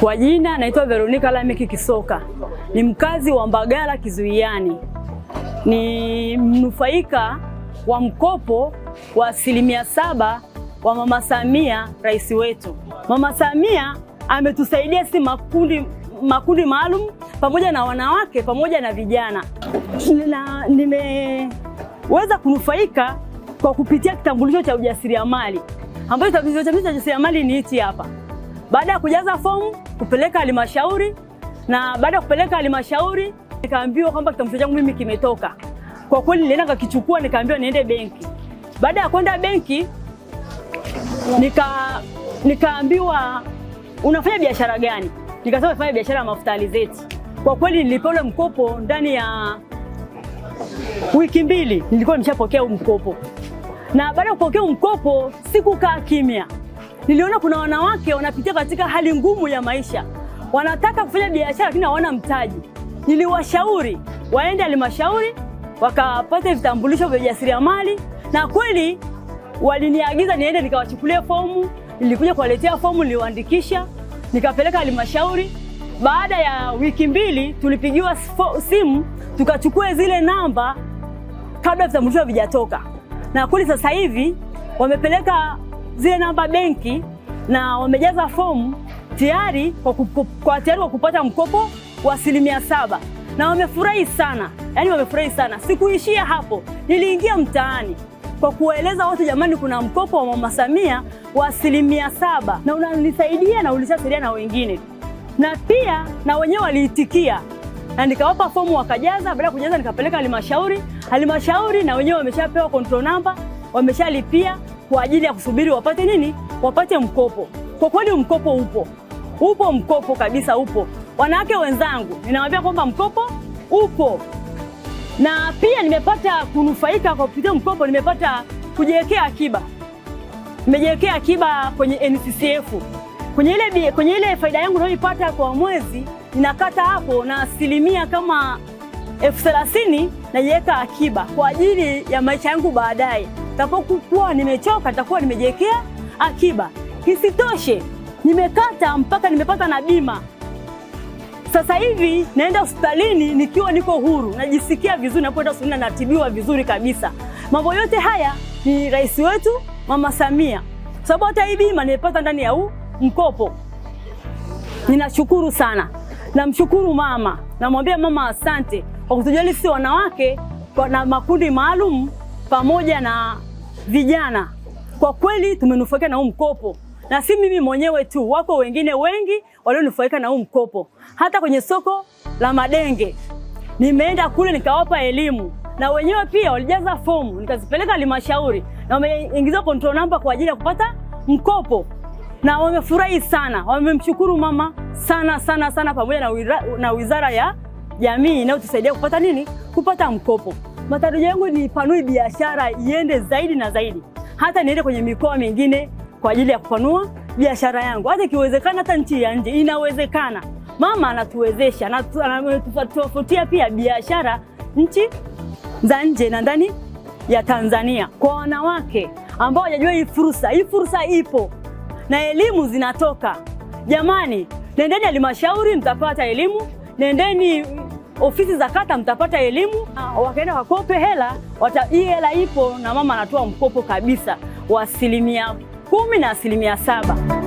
Kwa jina naitwa Veronica Lameki Kisoka, ni mkazi wa Mbagala Kizuiani, ni mnufaika wa mkopo wa asilimia saba wa Mama Samia, rais wetu. Mama Samia ametusaidia si makundi makundi maalum pamoja na wanawake pamoja na vijana. Na nimeweza kunufaika kwa kupitia kitambulisho cha ujasiriamali ambacho kitambulisho cha ujasiriamali ni hichi hapa. Baada ya kujaza fomu kupeleka halmashauri, na baada ya kupeleka halmashauri nikaambiwa kwamba kitambulisho changu mimi kimetoka. Kwa kweli nilienda kakichukua, nikaambiwa niende benki. Baada ya kwenda benki nika nikaambiwa unafanya biashara gani? Nikasema nafanya biashara ya mafuta alizeti. Kwa kweli nilipewa ule mkopo ndani ya wiki mbili nilikuwa nimeshapokea mkopo, na baada ya kupokea mkopo sikukaa kimya, niliona kuna wanawake wanapitia katika hali ngumu ya maisha, wanataka kufanya biashara lakini hawana mtaji. Niliwashauri waende halmashauri wakapata vitambulisho vya ujasiriamali, na kweli waliniagiza niende nikawachukulia fomu. Nilikuja kuwaletea fomu, niliwaandikisha, nikapeleka halmashauri. Baada ya wiki mbili tulipigiwa simu tukachukua zile namba kabla vitambulisho havijatoka, na kweli sasa hivi wamepeleka zile namba benki na wamejaza fomu tayari kwa, kwa tayari kwa kupata mkopo wa asilimia saba na wamefurahi sana, yaani wamefurahi sana. Sikuishia hapo, niliingia mtaani kwa kuwaeleza watu, jamani, kuna mkopo wa mama Samia wa asilimia saba na unanisaidia na ulishasaidia na wengine, na pia na wenyewe waliitikia na nikawapa fomu wakajaza. Baada ya kujaza, nikapeleka halmashauri. Halmashauri na wenyewe wameshapewa control number, wameshalipia kwa ajili ya kusubiri wapate nini? Wapate mkopo. Kwa kweli mkopo upo, upo mkopo kabisa, upo. Wanawake wenzangu, ninawaambia kwamba mkopo upo, na pia nimepata kunufaika kwa kupitia mkopo, nimepata kujiwekea akiba, nimejiwekea akiba kwenye NCCF. Kwenye ile, kwenye ile faida yangu nayoipata kwa mwezi ninakata hapo na asilimia kama elfu thelathini najiweka akiba kwa ajili ya maisha yangu baadaye takokuwa nimechoka takuwa nimejiwekea akiba. Isitoshe, nimekata mpaka nimepata na bima. Sasa hivi naenda hospitalini nikiwa niko huru, najisikia vizuri, napoenda hospitalini natibiwa vizuri kabisa. Mambo yote haya ni rais wetu Mama Samia, sababu hata hii bima nimepata ndani ya huu mkopo. Ninashukuru sana, namshukuru mama, namwambia mama asante kwa kutujali sisi wanawake na makundi maalum pamoja na vijana kwa kweli tumenufaika na huu mkopo, na si mimi mwenyewe tu, wako wengine wengi walionufaika na huu mkopo. Hata kwenye soko la Madenge nimeenda kule nikawapa elimu, na wenyewe pia walijaza fomu nikazipeleka halmashauri na wameingiza control number kwa ajili ya kupata mkopo, na wamefurahi sana, wamemshukuru mama sana sana sana, pamoja na, na Wizara ya Jamii inayotusaidia kupata nini, kupata mkopo. Matarijio yangu nipanue biashara iende zaidi na zaidi, hata niende kwenye mikoa mingine kwa ajili ya kupanua biashara yangu, hata ikiwezekana, hata nchi ya nje. Inawezekana, mama anatuwezesha, anatutofautia pia biashara nchi za nje na ndani ya Tanzania. Kwa wanawake ambao hawajajua hii fursa, hii fursa ipo na elimu zinatoka. Jamani, nendeni halmashauri mtapata elimu, nendeni ofisi za kata mtapata elimu, ah. wakaenda wakope hela wata, hii hela ipo na mama anatoa mkopo kabisa wa asilimia kumi na asilimia saba.